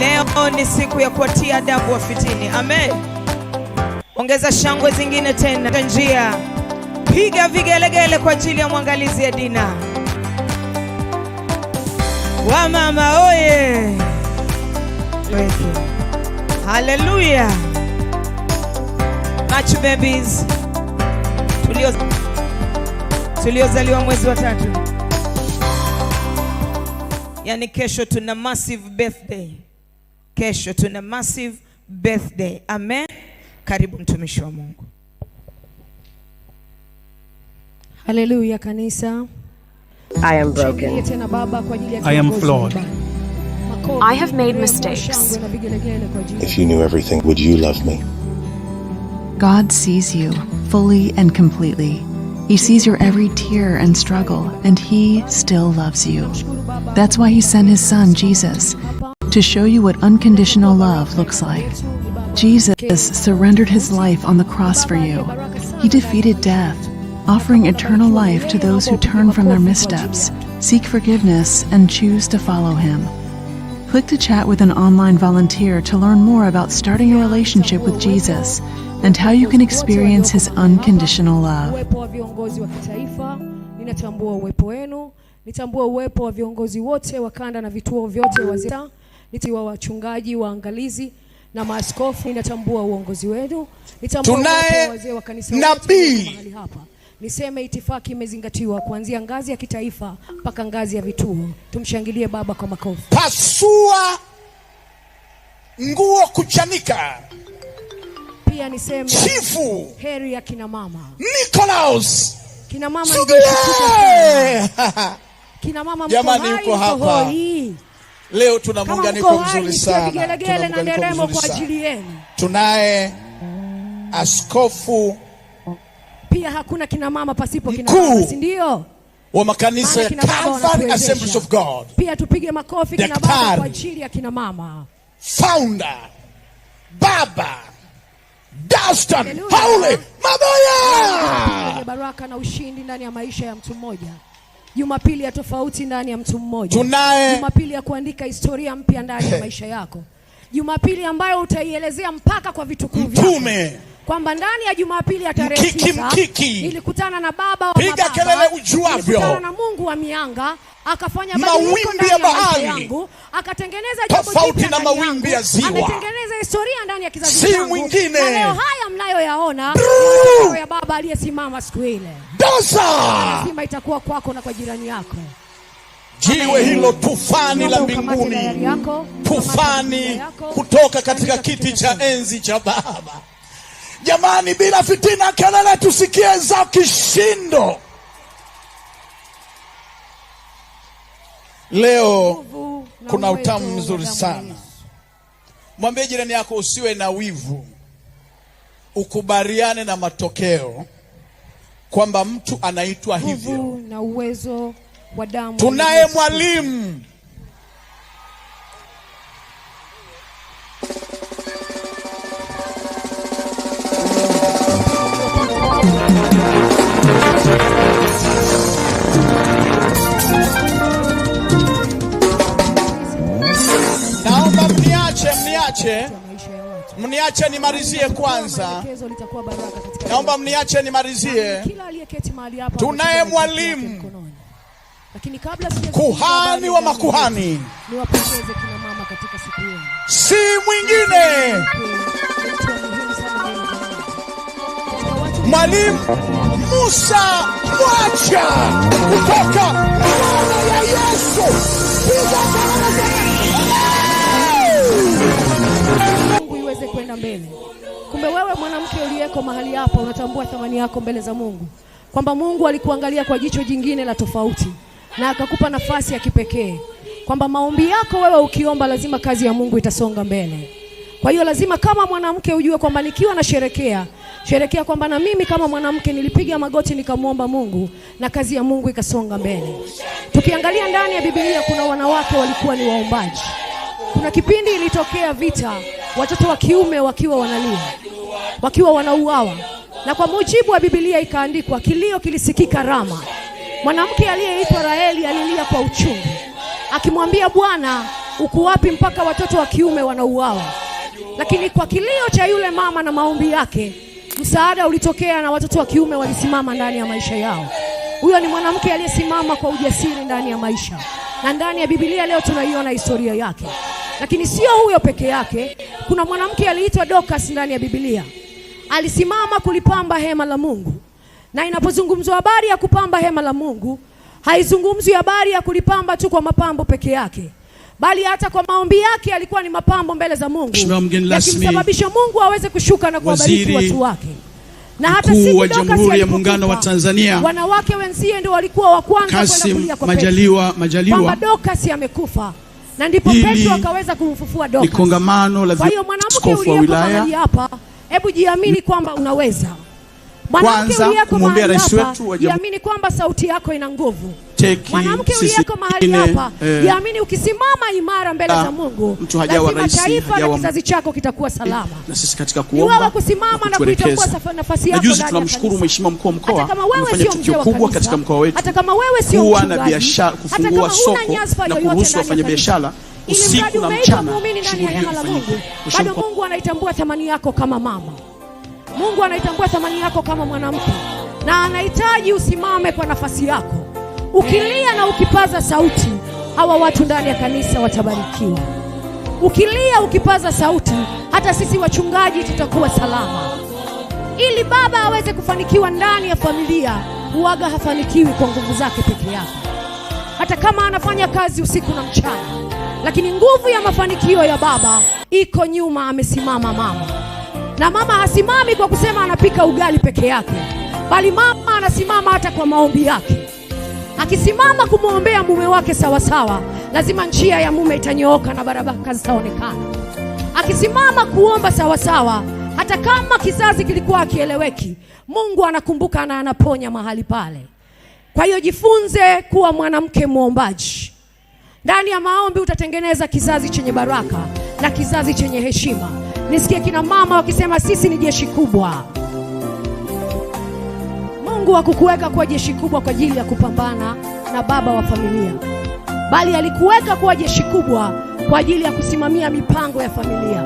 Leo ni siku ya kuwatia adabu wafitini. Amen. Ongeza shangwe zingine tena njia, piga vigelegele kwa ajili ya mwangalizi ya Dina. Wamama oye! Haleluya! Much babies tuliozaliwa mwezi wa tatu, yani kesho tuna massive birthday. kesho tuna massive birthday. Amen. Karibu mtumishi wa Mungu. Haleluya kanisa. I am broken. I am flawed. I have made mistakes. If you knew everything, would you love me? God sees you fully and completely. He sees your every tear and struggle, and He still loves you. That's why He sent His Son, Jesus, to show you what unconditional love looks like. Jesus surrendered his life on the cross for you. He defeated death, offering eternal life to those who turn from their missteps, seek forgiveness, and choose to follow him. Click to chat with an online volunteer to learn more about starting a relationship with Jesus and how you can experience his unconditional love. niti wa wachungaji, waangalizi na maaskofu, inatambua uongozi wenu, nitambua wazee wa kanisa mahali hapa. Niseme itifaki imezingatiwa kuanzia ngazi ya kitaifa mpaka ngazi ya vituo. Tumshangilie baba kwa makofu Pasua nguo kuchanika. Pia niseme chifu, heri ya kina mama Nicholas. Kina mama, kina mama, jamani, uko hapa Leo tuna muunganiko mzuri sana, tunaye askofu pia. Hakuna kina mama pasipo kina baba, si ndio? wa makanisa ya Calvary Assemblies of God. Pia tupige makofi kina baba kwa ajili ya kina mama. Founder Baba Dastan Haule Maboya. Baraka na ushindi ndani ya maisha ya mtu mmoja. Jumapili ya tofauti ndani ya mtu mmoja. Tunaye Jumapili ya kuandika historia mpya ndani ya maisha yako, Jumapili ambayo utaielezea mpaka kwa vitukuu vyako. kwamba ndani ya Jumapili ya tarehe 9 nilikutana na baba wa mababa, ujuavyo na Mungu wa mianga akafanya mawimbi ya bahari akatengeneza tofauti na mawimbi ya ziwa. Ametengeneza historia ndani ya kizazi changu, si mwingine. Leo haya mnayoyaona ya Baba aliyesimama siku ile, dosa lazima itakuwa kwako na kwa jirani yako. Jiwe hilo tufani la mbinguni, tufani kutoka katika kiti cha enzi cha Baba. Jamani, bila fitina, kelele tusikie za kishindo Leo kuna utamu mzuri sana. Mwambie jirani yako usiwe na wivu, ukubaliane na matokeo kwamba mtu anaitwa hivyo. Tunaye mwalimu mniache, mniache nimalizie kwanza. Naomba mniache nimalizie. Tunaye mwalimu, kuhani wa makuhani, si mwingine mwalimu Musa Mwacha kutoka Bwana ya Yesu. kwenda mbele. Kumbe wewe mwanamke uliyeko mahali hapa unatambua thamani yako mbele za Mungu, kwamba Mungu alikuangalia kwa jicho jingine la tofauti na akakupa nafasi ya kipekee, kwamba maombi yako wewe ukiomba, lazima kazi ya Mungu itasonga mbele. Kwa hiyo lazima kama mwanamke ujue kwamba nikiwa nasherekea sherekea kwamba na mimi kama mwanamke nilipiga magoti nikamwomba Mungu na kazi ya Mungu ikasonga mbele. Tukiangalia ndani ya Biblia kuna wanawake walikuwa ni waombaji. Kuna kipindi ilitokea vita watoto wa kiume wakiwa wanalia, wakiwa wanauawa, na kwa mujibu wa Biblia ikaandikwa, kilio kilisikika Rama. Mwanamke aliyeitwa Raheli alilia kwa uchungu akimwambia Bwana, uko wapi mpaka watoto wa kiume wanauawa? Lakini kwa kilio cha yule mama na maombi yake, msaada ulitokea na watoto wa kiume walisimama ndani ya maisha yao. Huyo ni mwanamke aliyesimama kwa ujasiri ndani ya maisha, na ndani ya Biblia leo tunaiona historia yake. Lakini sio huyo peke yake, kuna mwanamke aliitwa Dokas ndani ya Biblia, alisimama kulipamba hema la Mungu. Na inapozungumzwa habari ya kupamba hema la Mungu, haizungumzwi habari ya kulipamba tu kwa mapambo peke yake bali hata kwa maombi yake alikuwa ni mapambo mbele za Mungu yakimsababisha Mungu aweze kushuka na kuwabariki watu wake. Na hata wa Jamhuri ya Muungano wa Tanzania, wanawake wenzie ndio walikuwa wa kwanza kwenda kulia kwa Majaliwa, Majaliwa, kwamba amekufa na ndipo Petro akaweza kumfufua Dorcas. Ni kongamano la hiyo mwanamke uliyeko hapa, hebu jiamini kwamba unaweza. Mwanamke uliyeko mahali hapa, jiamini kwamba sauti yako ina nguvu hatuwateki mwanamke uliyeko mahali hapa eh, yaamini ukisimama imara mbele za ah, Mungu mtu hajawa rais, taifa hajawa na kizazi chako kitakuwa eh, salama eh, na sisi katika kuomba wewe kusimama na kuitambua nafasi yako. Juzi tunamshukuru mheshimiwa mkuu wa mkoa amefanya tukio kubwa katika mkoa wetu, hata kama wewe sio mkuu na biashara, kufungua soko na kuruhusu biashara usiku na mchana, bado Mungu anaitambua thamani yako kama mama. Mungu anaitambua thamani yako kama mwanamke na anahitaji usimame kwa nafasi yako. Ukilia na ukipaza sauti, hawa watu ndani ya kanisa watabarikiwa. Ukilia ukipaza sauti, hata sisi wachungaji tutakuwa salama, ili baba aweze kufanikiwa ndani ya familia. Huaga hafanikiwi kwa nguvu zake peke yake, hata kama anafanya kazi usiku na mchana, lakini nguvu ya mafanikio ya baba iko nyuma, amesimama mama. Na mama hasimami kwa kusema anapika ugali peke yake, bali mama anasimama hata kwa maombi yake. Akisimama kumwombea mume wake sawasawa, lazima njia ya mume itanyooka na barabaka zitaonekana. Akisimama kuomba sawasawa, hata kama kizazi kilikuwa akieleweki, Mungu anakumbuka na anaponya mahali pale. Kwa hiyo jifunze kuwa mwanamke mwombaji. Ndani ya maombi utatengeneza kizazi chenye baraka na kizazi chenye heshima. Nisikie kina mama wakisema sisi ni jeshi kubwa. Mungu hakukuweka kuwa jeshi kubwa kwa ajili ya kupambana na baba wa familia, bali alikuweka kuwa jeshi kubwa kwa ajili ya kusimamia mipango ya familia,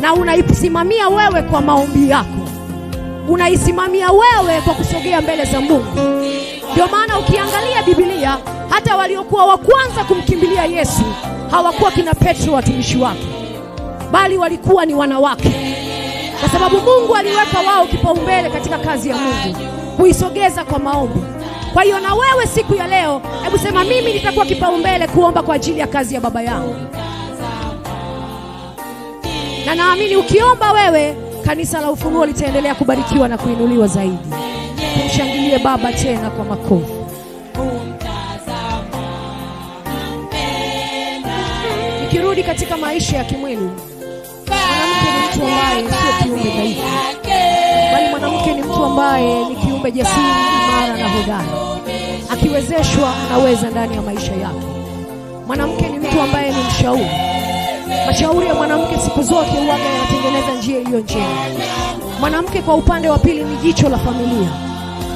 na unaisimamia wewe kwa maombi yako, unaisimamia wewe kwa kusogea mbele za Mungu. Ndio maana ukiangalia Biblia, hata waliokuwa wa kwanza kumkimbilia Yesu hawakuwa kina Petro watumishi wake, bali walikuwa ni wanawake, kwa sababu Mungu aliweka wao kipaumbele katika kazi ya Mungu kuisogeza kwa maombi. Kwa hiyo na wewe siku ya leo, hebu sema mimi nitakuwa kipaumbele kuomba kwa ajili ya kazi ya baba yangu, na naamini ukiomba wewe, kanisa la Ufunuo litaendelea kubarikiwa na kuinuliwa zaidi. Tumshangilie Baba tena kwa makofi. Nikirudi katika maisha ya kimwili, mwanamke ni mtu ambaye sio kiumbe dhaifu, bali mwanamke ni mtu ambaye Muombe jasiri, imara na hodari. Akiwezeshwa anaweza ndani ya maisha yake Mwanamke ni mtu ambaye ni mshauri. Mashauri ya mwanamke siku zote huwa yanatengeneza njia iliyo njema. Mwanamke kwa upande wa pili ni jicho la familia.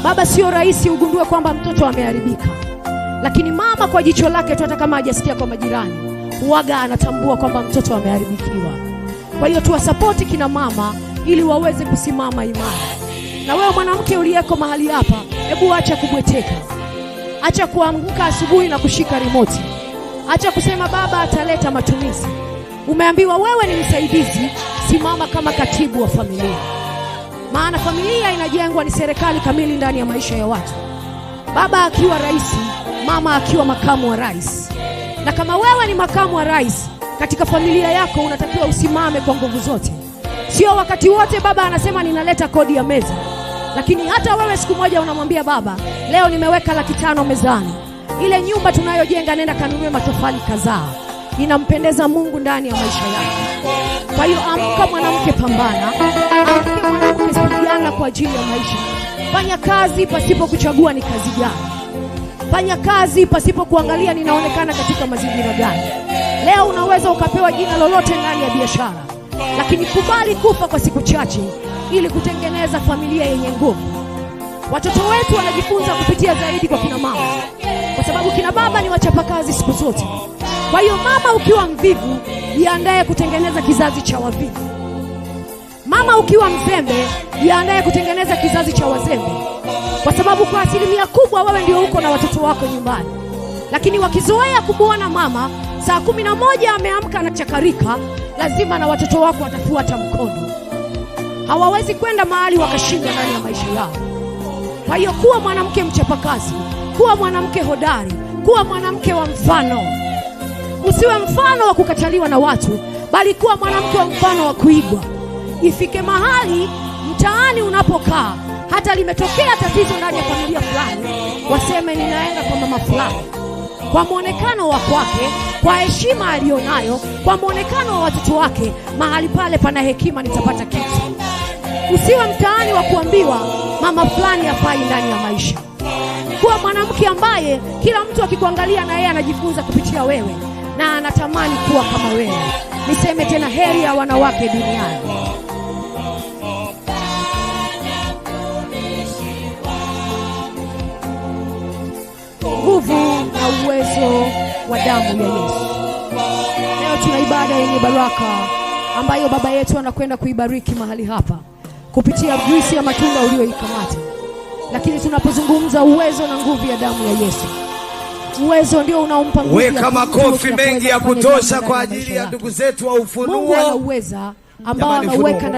Baba, sio rahisi ugundue kwamba mtoto ameharibika, lakini mama kwa jicho lake tu, hata kama hajasikia kwa majirani, huwaga anatambua kwamba mtoto ameharibikiwa. Kwa hiyo tuwasapoti kina mama ili waweze kusimama imara. Na wewe mwanamke uliyeko mahali hapa, hebu acha kubweteka, acha kuamka asubuhi na kushika rimoti, acha kusema baba ataleta matumizi. Umeambiwa wewe ni msaidizi, simama kama katibu wa familia, maana familia inajengwa ni serikali kamili ndani ya maisha ya watu, baba akiwa rais, mama akiwa makamu wa rais. Na kama wewe ni makamu wa rais katika familia yako, unatakiwa usimame kwa nguvu zote. Sio wakati wote baba anasema ninaleta kodi ya meza. Lakini hata wewe siku moja unamwambia Baba, leo nimeweka laki tano mezani, ile nyumba tunayojenga, nenda kanunue matofali kadhaa, inampendeza Mungu ndani ya maisha yako. Kwa hiyo amka mwanamke, pambana. Amka mwanamke, kwa ajili ya maisha. Fanya kazi pasipo kuchagua ni kazi gani. Fanya kazi pasipo kuangalia ninaonekana katika mazingira gani. Leo unaweza ukapewa jina lolote ndani ya biashara, lakini kubali kufa kwa siku chache ili kutengeneza familia yenye nguvu. Watoto wetu wanajifunza kupitia zaidi kwa kina mama, kwa sababu kina baba ni wachapakazi siku zote. Kwa hiyo mama, ukiwa mvivu, jiandae kutengeneza kizazi cha wavivu. Mama, ukiwa mzembe, jiandae kutengeneza kizazi cha wazembe, kwa sababu kwa asilimia kubwa wewe ndio uko na watoto wako nyumbani, lakini wakizoea kumwona mama saa kumi na moja ameamka na chakarika, lazima na watoto wako watafuata mkono hawawezi kwenda mahali wakashinda ndani ya maisha yao. Kwa hiyo kuwa mwanamke mchapakazi, kuwa mwanamke hodari, kuwa mwanamke wa mfano. Usiwe mfano wa kukataliwa na watu, bali kuwa mwanamke wa mfano wa kuigwa. Ifike mahali mtaani unapokaa, hata limetokea tatizo ndani ya familia fulani, waseme ninaenda kwa mama fulani kwa mwonekano wa kwake, kwa heshima aliyonayo, kwa mwonekano wa watoto wake. Mahali pale pana hekima, nitapata kitu. Usiwe mtaani wa kuambiwa mama fulani hafai ndani ya maisha. Kuwa mwanamke ambaye kila mtu akikuangalia na yeye anajifunza kupitia wewe na anatamani kuwa kama wewe. Niseme tena, heri ya wanawake duniani. nguvu na uwezo wa damu ya Yesu. Leo tuna ibada yenye baraka ambayo Baba yetu anakwenda kuibariki mahali hapa kupitia juisi ya matunda uliyoikamata. Lakini tunapozungumza uwezo na nguvu ya damu ya Yesu, uwezo ndio unaompa nguvu. Weka makofi mengi ya kutosha kwa ajili ya ndugu zetu wa Ufunuo. Mungu anauweza ambao anauweka